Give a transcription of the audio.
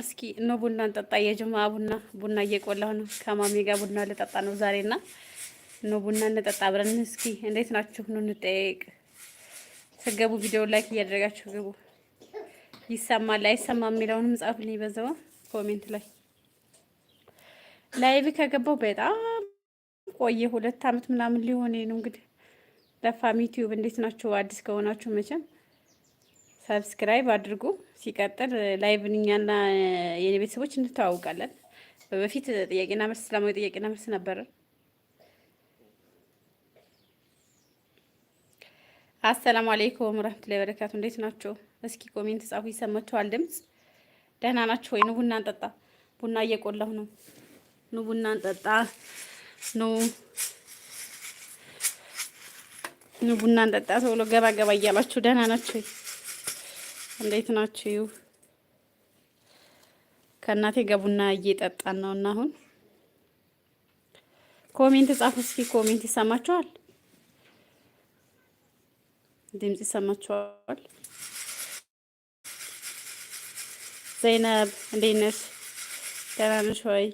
እስኪ ኖ ቡና እንጠጣ። የጅማ ቡና ቡና እየቆላሁ ነው። ከማሚ ጋር ቡና ልጠጣ ነው ዛሬና ኖ ቡና እንጠጣ አብረን። እስኪ እንዴት ናችሁ? ኑ እንጠየቅ። ስገቡ ቪዲዮ ላይክ እያደረጋችሁ ግቡ። ይሰማል አይሰማም የሚለውንም ጻፉልኝ በዛው ኮሜንት ላይ። ላይቭ ከገባው በጣም ቆየ፣ ሁለት አመት ምናምን ሊሆን ነው እንግዲህ። ለፋሚ ዩቲዩብ እንዴት ናችሁ? አዲስ ከሆናችሁ መቼም ሰብስክራይብ አድርጉ። ሲቀጥል ላይቭ እኛና የኔ ቤተሰቦች እንተዋውቃለን። በፊት ጥያቄና መልስ ሰላማዊ ጥያቄና መልስ ነበር። አሰላሙ አለይኩም ረህመቱላሂ በረካቱ። እንዴት ናቸው? እስኪ ኮሜንት ጻፉ። ይሰማችኋል ድምጽ? ደህና ናችሁ ወይ? ኑ ቡና እንጠጣ። ቡና እየቆላሁ ነው። ኑ ቡና እንጠጣ። ኑ ኑ ቡና እንጠጣ። ቶሎ ገባ ገባ እያላችሁ ደህና ናችሁ ወይ? እንዴት ናችሁ? ከእናቴ ገቡና እየጠጣን ነው እና አሁን ኮሜንት ጻፉ እስኪ። ኮሜንት ይሰማችኋል? ድምጽ ይሰማችኋል? ዘይነብ እንዴት ነሽ? ደህና ነሽ ወይ?